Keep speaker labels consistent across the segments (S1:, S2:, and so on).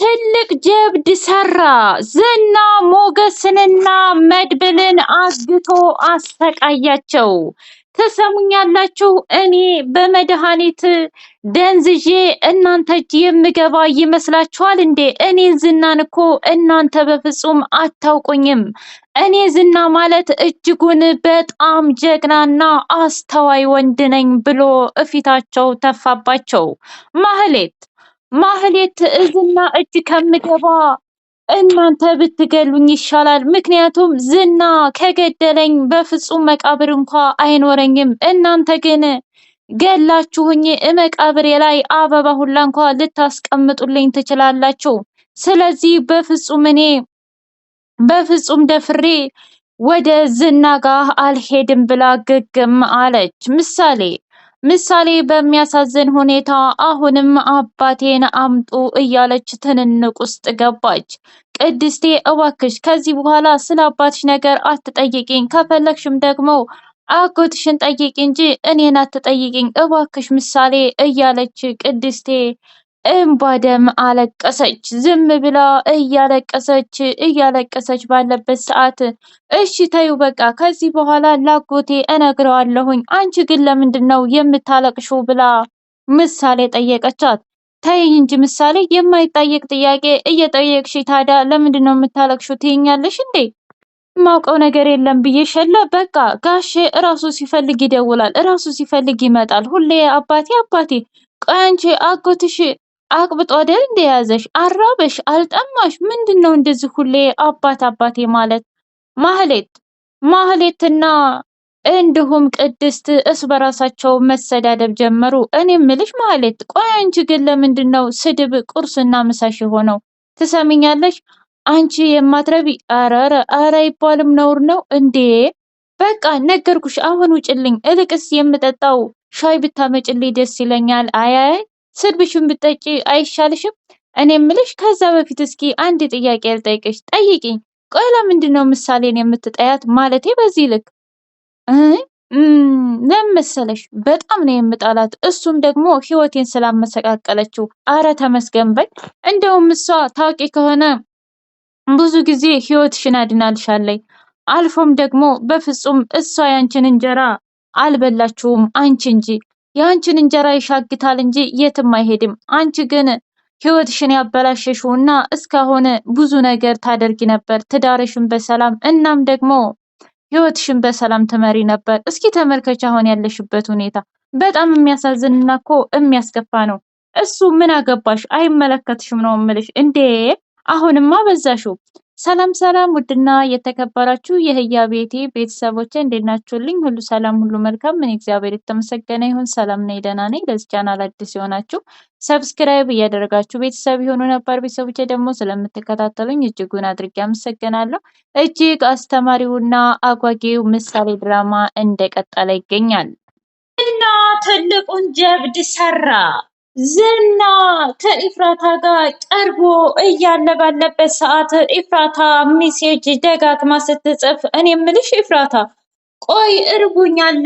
S1: ትልቅ ጀብድ ሰራ ዝና ሞገስንና መድብልን አግቶ አሰቃያቸው! ትሰሙኛላችሁ? እኔ በመድኃኒት ደንዝዤ እናንተ እጅ የምገባ ይመስላችኋል እንዴ? እኔ ዝናን እኮ እናንተ በፍጹም አታውቁኝም። እኔ ዝና ማለት እጅጉን በጣም ጀግናና አስተዋይ ወንድ ነኝ ብሎ እፊታቸው ተፋባቸው። ማህሌት ማህሌት ትዕዝና እጅ ከምገባ እናንተ ብትገሉኝ ይሻላል። ምክንያቱም ዝና ከገደለኝ በፍጹም መቃብር እንኳ አይኖረኝም። እናንተ ግን ገላችሁኝ መቃብሬ ላይ አበባ ሁላ እንኳ ልታስቀምጡልኝ ትችላላችሁ። ስለዚህ በፍጹም እኔ በፍጹም ደፍሬ ወደ ዝና ጋ አልሄድም ብላ ግግም አለች ምሳሌ ምሳሌ በሚያሳዝን ሁኔታ አሁንም አባቴን አምጡ እያለች ትንንቅ ውስጥ ገባች። ቅድስቴ እባክሽ ከዚህ በኋላ ስለ አባትሽ ነገር አትጠይቂኝ፣ ከፈለግሽም ደግሞ አጎትሽን ጠይቂ እንጂ እኔን አትጠይቂኝ እባክሽ ምሳሌ እያለች ቅድስቴ እምባደም አለቀሰች። ዝም ብላ እያለቀሰች እያለቀሰች ባለበት ሰዓት እሺ ተዩ በቃ ከዚህ በኋላ ላጎቴ እነግረዋለሁኝ፣ አንቺ ግን ለምንድን ነው የምታለቅሹ? ብላ ምሳሌ ጠየቀቻት። ተይኝ እንጂ ምሳሌ የማይጠየቅ ጥያቄ እየጠየቅሽ ታዲያ ለምንድን ነው የምታለቅሹ? ትይኛለሽ እንዴ? ማውቀው ነገር የለም ብዬ ሸለ በቃ ጋሼ እራሱ ሲፈልግ ይደውላል፣ እራሱ ሲፈልግ ይመጣል። ሁሌ አባቴ አባቴ አንቺ አጎትሽ አቅብጦ አይደል እንደያዘሽ? አራበሽ አልጠማሽ ምንድነው እንደዚህ ሁሌ አባት አባቴ ማለት ማህሌት ማህሌትና እንዲሁም ቅድስት እስ በራሳቸው መሰዳደብ ጀመሩ እኔ ምልሽ ማህሌት ቆይ አንቺ ግን ለምንድን ነው ስድብ ቁርስና ምሳሽ የሆነው ትሰሚኛለሽ አንቺ የማትረቢ አረረ አረ ይባልም ነውር ነው እንዴ በቃ ነገርኩሽ አሁን ውጭልኝ እልቅስ የምጠጣው ሻይ ብታመጭልኝ ደስ ይለኛል አያያይ ስልብሽን ብትጠጪ አይሻልሽም? እኔ ምልሽ፣ ከዛ በፊት እስኪ አንድ ጥያቄ ልጠይቅሽ። ጠይቂኝ። ቆይ ለምንድን ነው ምሳሌን የምትጠያት? ማለቴ በዚህ ልክ ለምን መሰለሽ? በጣም ነው የምጣላት። እሱም ደግሞ ህይወቴን ስላመሰቃቀለችው። አረ ተመስገን በይ። እንደውም እሷ ታዋቂ ከሆነ ብዙ ጊዜ ህይወትሽን አድናልሻለች። አልፎም ደግሞ በፍጹም እሷ ያንቺን እንጀራ አልበላችሁም አንቺ እንጂ የአንቺን እንጀራ ይሻግታል እንጂ የትም አይሄድም። አንቺ ግን ህይወትሽን ያበላሸሽው እና እስካሁን ብዙ ነገር ታደርጊ ነበር፣ ትዳርሽን በሰላም እናም ደግሞ ህይወትሽን በሰላም ትመሪ ነበር። እስኪ ተመልከች አሁን ያለሽበት ሁኔታ በጣም የሚያሳዝንና እኮ የሚያስከፋ ነው። እሱ ምን አገባሽ አይመለከትሽም ነው እምልሽ። እንዴ አሁንማ በዛሽው። ሰላም ሰላም ውድና የተከበራችሁ የህያ ቤቴ ቤተሰቦች እንዴት ናችሁልኝ? ሁሉ ሰላም፣ ሁሉ መልካም። ምን እግዚአብሔር የተመሰገነ ይሁን። ሰላም ነኝ፣ ደህና ነኝ። ለዚህ ቻናል አዲስ የሆናችሁ ሰብስክራይብ እያደረጋችሁ ቤተሰብ የሆኑ ነባር ቤተሰቦች ደግሞ ስለምትከታተሉኝ እጅጉን አድርጌ አመሰግናለሁ። እጅግ አስተማሪውና አጓጊው ምሳሌ ድራማ እንደቀጠለ ይገኛል እና ትልቁን ጀብድ ሰራ ዝና ከኢፍራታ ጋር ቀርቦ እያለ ባለበት ሰዓት ኢፍራታ ሚሴጅ ደጋግማ ስትጽፍ፣ እኔ ምልሽ ኢፍራታ ቆይ እርቦኛል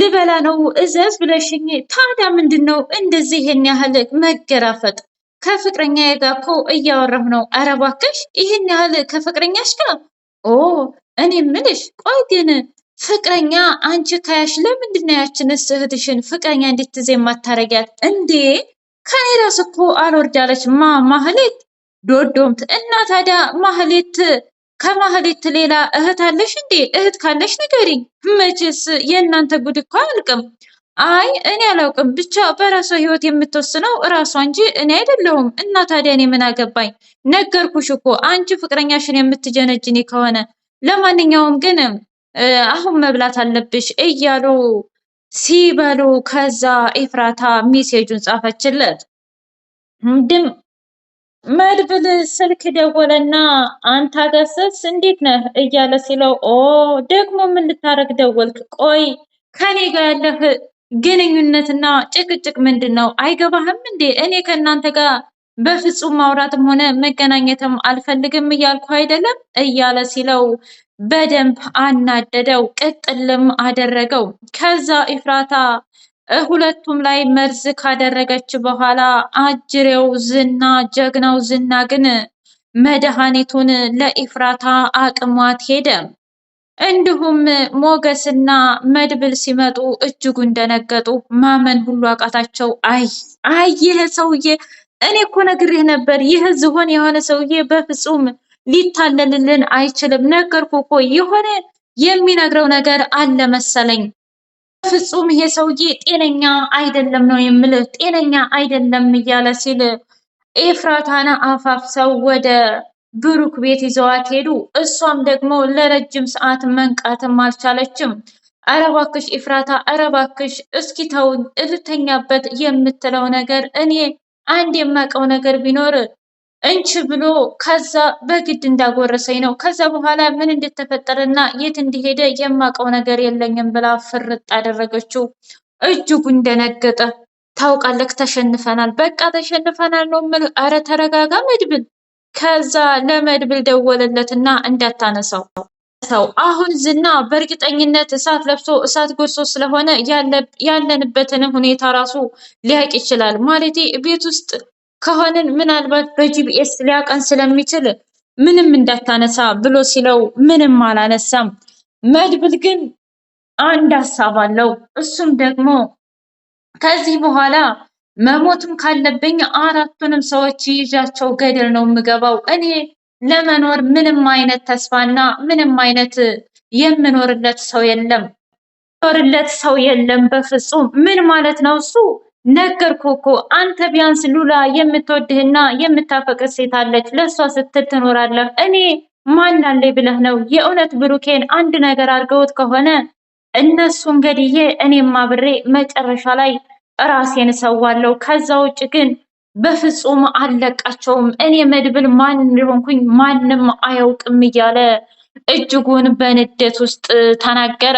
S1: ልበላ ነው እዘዝ ብለሽኝ፣ ታዲያ ምንድን ነው እንደዚህ ይህን ያህል መገራፈጥ? ከፍቅረኛ ጋር እኮ እያወራሁ ነው። ኧረ እባክሽ ይህን ያህል ከፍቅረኛሽ ጋር? ኦ እኔ ምልሽ ቆይ ግን ፍቅረኛ አንቺ ካያሽ ለምንድን ነው ያችንስ እህትሽን ፍቅረኛ እንዴት ትዜ የማታረጊያት እንዴ? ከኔ ራስ እኮ አልወርዳለች ማ ማህሌት ዶዶምት እና ታዲያ ማህሌት ከማህሌት ሌላ እህት አለሽ እንዴ? እህት ካለሽ ንገሪኝ። መቼስ የእናንተ ጉድ እኮ አያልቅም። አይ እኔ አላውቅም፣ ብቻ በራሷ ህይወት የምትወስነው እራሷ እንጂ እኔ አይደለሁም። እና ታዲያ እኔ ምን አገባኝ? ነገርኩሽ እኮ አንቺ ፍቅረኛሽን የምትጀነጅኔ ከሆነ ለማንኛውም ግን አሁን መብላት አለብሽ እያሉ ሲበሉ ከዛ ኤፍራታ ሚሴጁን ጻፈችለት። ድም መድብል ስልክ ደወለና አንተ አገሰስ እንዴት ነህ እያለ ሲለው ኦ ደግሞ ምን ልታረግ ደወልክ? ቆይ ከኔ ጋር ያለህ ግንኙነትና ጭቅጭቅ ምንድን ነው? አይገባህም እንዴ? እኔ ከእናንተ ጋር በፍጹም ማውራትም ሆነ መገናኘትም አልፈልግም እያልኩ አይደለም እያለ ሲለው በደንብ አናደደው፣ ቅጥልም አደረገው። ከዛ ኢፍራታ ሁለቱም ላይ መርዝ ካደረገች በኋላ አጅሬው ዝና ጀግናው ዝና ግን መድኃኒቱን ለኢፍራታ አቅሟት ሄደ። እንዲሁም ሞገስና መድብል ሲመጡ እጅጉን ደነገጡ። ማመን ሁሉ አቃታቸው። አይ አይ ይህ ሰውዬ እኔ እኮ ነግሬህ ነበር፣ ይህ ዝሆን የሆነ ሰውዬ በፍጹም ሊታለልልን አይችልም። ነገርኩ እኮ የሆነ የሚነግረው ነገር አለ መሰለኝ። ፍጹም ይሄ ሰውዬ ጤነኛ አይደለም ነው የምልህ፣ ጤነኛ አይደለም እያለ ሲል አፋፍ ሰው ወደ ብሩክ ቤት ይዘዋት ሄዱ። እሷም ደግሞ ለረጅም ሰዓት መንቃትም አልቻለችም። አረባክሽ ኤፍራታ አረባክሽ እስኪ ተው፣ እልተኛበት የምትለው ነገር እኔ አንድ የማውቀው ነገር ቢኖር እንች ብሎ ከዛ በግድ እንዳጎረሰኝ ነው። ከዛ በኋላ ምን እንደተፈጠረና የት እንደሄደ የማውቀው ነገር የለኝም ብላ ፍርጥ አደረገችው። እጅጉ እንደነገጠ ታውቃለህ፣ ተሸንፈናል፣ በቃ ተሸንፈናል ነው የምልህ። አረ ተረጋጋ መድብል። ከዛ ለመድብል ደወለለትና እንዳታነሳው ሰው አሁን ዝና በእርግጠኝነት እሳት ለብሶ እሳት ጎርሶ ስለሆነ ያለንበትን ሁኔታ ራሱ ሊያውቅ ይችላል። ማለቴ ቤት ውስጥ ከሆንን ምናልባት በጂፒኤስ ሊያቀን ስለሚችል ምንም እንዳታነሳ ብሎ ሲለው ምንም አላነሳም። መድብል ግን አንድ ሀሳብ አለው። እሱም ደግሞ ከዚህ በኋላ መሞትም ካለብኝ አራቱንም ሰዎች ይዣቸው ገደል ነው የምገባው። እኔ ለመኖር ምንም አይነት ተስፋና ምንም አይነት የምኖርለት ሰው የለም፣ የምኖርለት ሰው የለም በፍጹም። ምን ማለት ነው እሱ ነገር እኮ አንተ ቢያንስ ሉላ የምትወድህና የምታፈቅር ሴት አለች፣ ለእሷ ስትል ትኖራለህ። እኔ ማን አለኝ ብለህ ነው? የእውነት ብሩኬን አንድ ነገር አድርገውት ከሆነ እነሱን ገድዬ እኔም አብሬ መጨረሻ ላይ ራሴን እሰዋለሁ። ከዛ ውጭ ግን በፍጹም አለቃቸውም። እኔ መድብል ማን እንደሆንኩኝ ማንም አያውቅም እያለ እጅጉን በንዴት ውስጥ ተናገረ።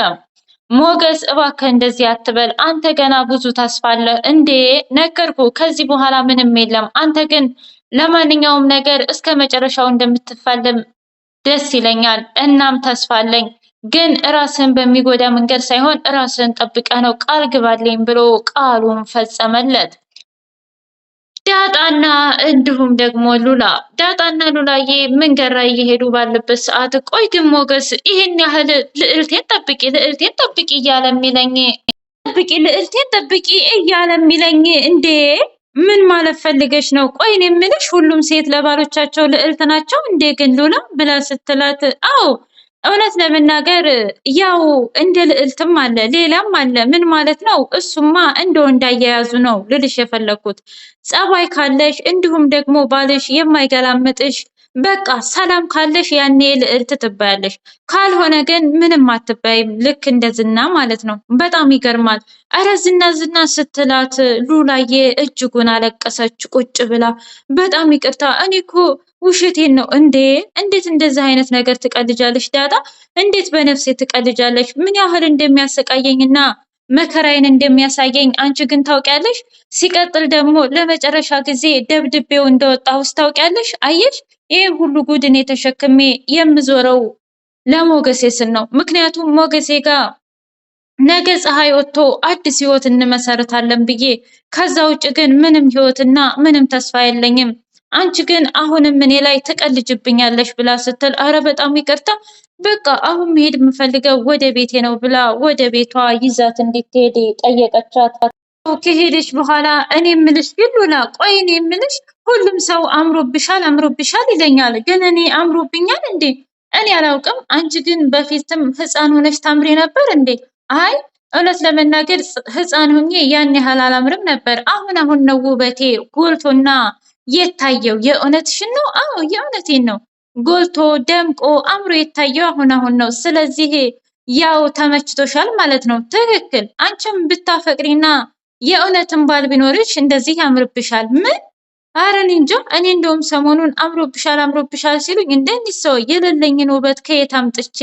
S1: ሞገስ እባክህ እንደዚህ አትበል፣ አንተ ገና ብዙ ተስፋ አለ እንዴ! ነገርኩ፣ ከዚህ በኋላ ምንም የለም። አንተ ግን ለማንኛውም ነገር እስከ መጨረሻው እንደምትፋለም ደስ ይለኛል። እናም ተስፋ አለኝ፣ ግን ራስን በሚጎዳ መንገድ ሳይሆን ራስን ጠብቀ ነው፣ ቃል ግባልኝ ብሎ ቃሉን ፈጸመለት። ዳጣና እንዲሁም ደግሞ ሉላ ዳጣና ሉላዬ መንገድ እየሄዱ ባለበት ሰዓት ቆይ ግን ሞገስ ይህን ያህል ልዕልቴን ጠብቂ ልዕልቴን ጠብቂ እያለ የሚለኝ ጠብቂ ልዕልቴን ጠብቂ እያለ የሚለኝ እንዴ ምን ማለት ፈልገሽ ነው? ቆይን የምልሽ ሁሉም ሴት ለባሎቻቸው ልዕልት ናቸው እንዴ ግን ሉላ ብላ ስትላት አዎ እውነት ለመናገር ያው እንደ ልዕልትም አለ ሌላም አለ። ምን ማለት ነው? እሱማ እንደው እንዳያያዙ ነው ልልሽ የፈለግኩት። ጸባይ ካለሽ እንዲሁም ደግሞ ባልሽ የማይገላምጥሽ በቃ ሰላም ካለሽ ያኔ ልዕልት ትባያለሽ፣ ካልሆነ ግን ምንም አትባይም። ልክ እንደ ዝና ማለት ነው። በጣም ይገርማል። እረ ዝና ዝና ስትላት ሉላዬ እጅጉን አለቀሰች ቁጭ ብላ። በጣም ይቅርታ እኔ እኮ ውሸቴን ነው እንዴ! እንዴት እንደዚህ አይነት ነገር ትቀልጃለሽ ዳጣ? እንዴት በነፍሴ ትቀልጃለሽ? ምን ያህል እንደሚያሰቃየኝና መከራዬን እንደሚያሳየኝ አንቺ ግን ታውቂያለሽ። ሲቀጥል ደግሞ ለመጨረሻ ጊዜ ደብድቤው እንደወጣ ውስጥ ታውቂያለሽ። አየሽ ይህ ሁሉ ጉድን እኔ የምዞረው ለሞገሴ ስል ነው። ምክንያቱም ሞገሴ ጋር ነገ ፀሐይ ወጥቶ አዲስ ህይወት እንመሰርታለን ብዬ ከዛ ውጭ ግን ምንም ህይወትና ምንም ተስፋ የለኝም። አንቺ ግን አሁንም እኔ ላይ ትቀልጅብኛለሽ ብላ ስትል አረ በጣም ይቅርታ በቃ አሁን መሄድ የምፈልገው ወደ ቤቴ ነው ብላ ወደ ቤቷ ይዛት እንድትሄድ ጠየቀቻት። ከሄደች በኋላ እኔ ምልሽ ሉላ፣ ቆይ እኔ የምልሽ ሁሉም ሰው አምሮብሻል አምሮብሻል ይለኛል፣ ግን እኔ አምሮብኛል እንዴ? እኔ አላውቅም። አንቺ ግን በፊትም ህፃን ሆነሽ ታምሬ ነበር እንዴ? አይ እውነት ለመናገር ህፃን ሆኜ ያን ያህል አላምርም ነበር። አሁን አሁን ነው ውበቴ ጎልቶና የታየው። የእውነትሽን ነው? አዎ የእውነቴን ነው። ጎልቶ ደምቆ አምሮ የታየው አሁን አሁን ነው። ስለዚህ ያው ተመችቶሻል ማለት ነው። ትክክል። አንቺም ብታፈቅሪና የእውነትን ባል ቢኖርሽ እንደዚህ ያምርብሻል። ምን አረ እኔ እንጃ። እኔ እንደውም ሰሞኑን አምሮብሻል አምሮብሻል ሲሉኝ እንደኒት ሰው የሌለኝን ውበት ከየት አምጥቼ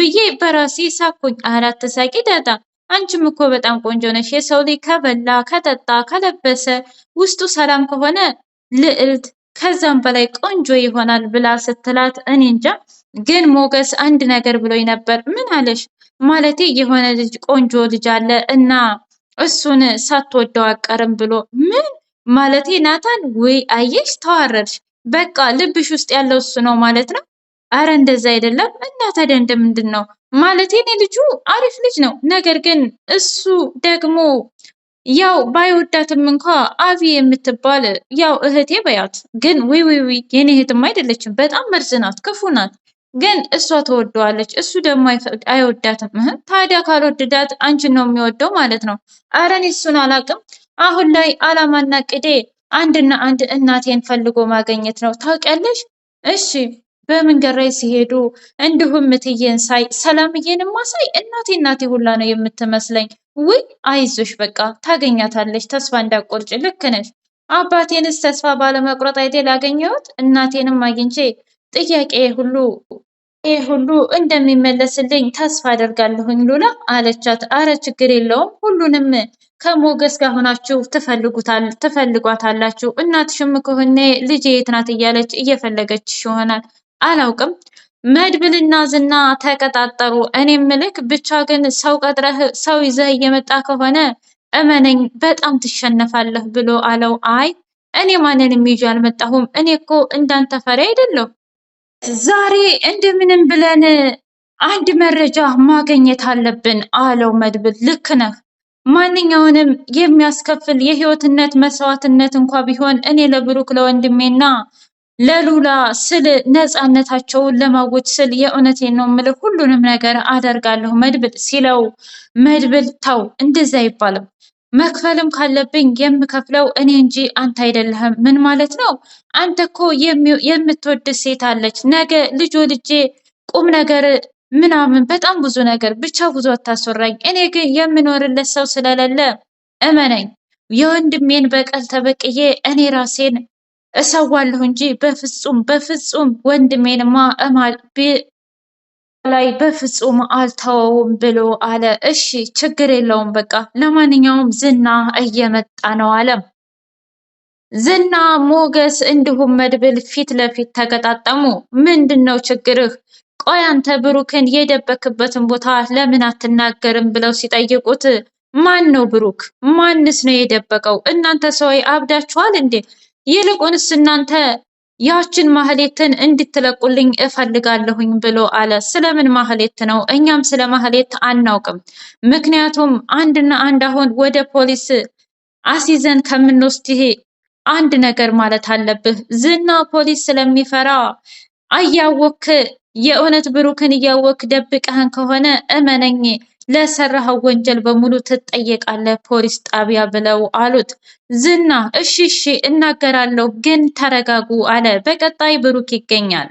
S1: ብዬ በራሴ ሳኩኝ። አራት አትሳቂ ዳጣ አንቺም እኮ በጣም ቆንጆ ነሽ። የሰው ልጅ ከበላ ከጠጣ ከለበሰ ውስጡ ሰላም ከሆነ ልዕልት ከዛም በላይ ቆንጆ ይሆናል ብላ ስትላት፣ እኔ እንጃ ግን ሞገስ አንድ ነገር ብሎኝ ነበር። ምን አለሽ? ማለቴ የሆነ ልጅ ቆንጆ ልጅ አለ እና እሱን ሳትወደው አቀርም ብሎ ምን ማለቴ ናታን? ወይ አየሽ፣ ተዋረድሽ። በቃ ልብሽ ውስጥ ያለው እሱ ነው ማለት ነው። አረ እንደዛ አይደለም። እና ታዲያ እንደምንድን ነው ማለቴ? እኔ ልጁ አሪፍ ልጅ ነው፣ ነገር ግን እሱ ደግሞ ያው ባይወዳትም እንኳ አቪ የምትባል ያው እህቴ በያት ግን፣ ወይ ወይ ወይ የኔ እህትም አይደለችም። በጣም መርዝ ናት፣ ክፉ ናት። ግን እሷ ተወደዋለች እሱ ደግሞ አይወዳትም። ታዲያ ካልወደዳት አንቺን ነው የሚወደው ማለት ነው? ኧረ እኔ እሱን አሁን ላይ አላማና ቅዴ አንድና አንድ እናቴን ፈልጎ ማገኘት ነው። ታውቂያለሽ? እሺ በመንገድ ላይ ሲሄዱ እንዲሁም እትዬን ሳይ ሰላምዬንማ ሳይ እናቴ እናቴ ሁላ ነው የምትመስለኝ። ውይ አይዞሽ፣ በቃ ታገኛታለች፣ ተስፋ እንዳቆርጭ። ልክ ነሽ። አባቴንስ ተስፋ ባለመቁረጥ አይዴ ላገኘሁት እናቴንም አግኝቼ ጥያቄ ሁሉ ይህ ሁሉ እንደሚመለስልኝ ተስፋ አደርጋለሁኝ ሉላ አለቻት። አረ ችግር የለውም ሁሉንም ከሞገስ ጋር ሆናችሁ ትፈልጓታላችሁ። እናትሽም ከሆነ ልጄ የት ናት እያለች እየፈለገችሽ ይሆናል። አላውቅም። መድብልና ዝና ተቀጣጠሩ። እኔም ልክ ብቻ ግን ሰው ቀጥረህ ሰው ይዘህ እየመጣ ከሆነ እመነኝ በጣም ትሸነፋለህ ብሎ አለው። አይ እኔ ማንንም ይዤ አልመጣሁም። እኔ እኮ እንዳንተ ፈሪ አይደለሁ ዛሬ እንደምንም ብለን አንድ መረጃ ማግኘት አለብን አለው መድብል። ልክ ነህ፣ ማንኛውንም የሚያስከፍል የህይወትነት መስዋዕትነት እንኳ ቢሆን እኔ ለብሩክ ለወንድሜና ለሉላ ስል ነፃነታቸውን ለማወጅ ስል የእውነቴን ነው የምልህ ሁሉንም ነገር አደርጋለሁ መድብል ሲለው፣ መድብል ተው እንደዛ አይባልም መክፈልም ካለብኝ የምከፍለው እኔ እንጂ አንተ አይደለህም። ምን ማለት ነው? አንተ እኮ የምትወድ ሴት አለች። ነገ ልጆ ልጄ ቁም ነገር ምናምን በጣም ብዙ ነገር ብቻ ብዙ አታስወራኝ። እኔ ግን የምኖርለት ሰው ስለሌለ እመነኝ፣ የወንድሜን በቀል ተበቅዬ እኔ ራሴን እሰዋለሁ እንጂ በፍጹም በፍጹም ወንድሜንማ ላይ በፍጹም አልተወውም ብሎ አለ። እሺ ችግር የለውም በቃ ለማንኛውም ዝና እየመጣ ነው አለ። ዝና ሞገስ፣ እንዲሁም መድብል ፊት ለፊት ተገጣጠሙ። ምንድን ነው ችግርህ? ቆይ አንተ ብሩክን የደበክበትን ቦታ ለምን አትናገርም? ብለው ሲጠይቁት ማን ነው ብሩክ? ማንስ ነው የደበቀው? እናንተ ሰው አብዳችኋል እንዴ? ይልቁንስ እናንተ ያችን ማህሌትን እንድትለቁልኝ እፈልጋለሁኝ ብሎ አለ። ስለምን ማህሌት ነው? እኛም ስለ ማህሌት አናውቅም። ምክንያቱም አንድና አንድ አሁን ወደ ፖሊስ አሲዘን ከምንወስድ ይሄ አንድ ነገር ማለት አለብህ። ዝና ፖሊስ ስለሚፈራ እያወክ የእውነት ብሩክን እያወክ ደብቀህን ከሆነ እመነኝ ለሠራኸው ወንጀል በሙሉ ትጠየቃለህ ፖሊስ ጣቢያ ብለው አሉት። ዝና እሺ እሺ እናገራለሁ ግን ተረጋጉ አለ። በቀጣይ ብሩክ ይገኛል።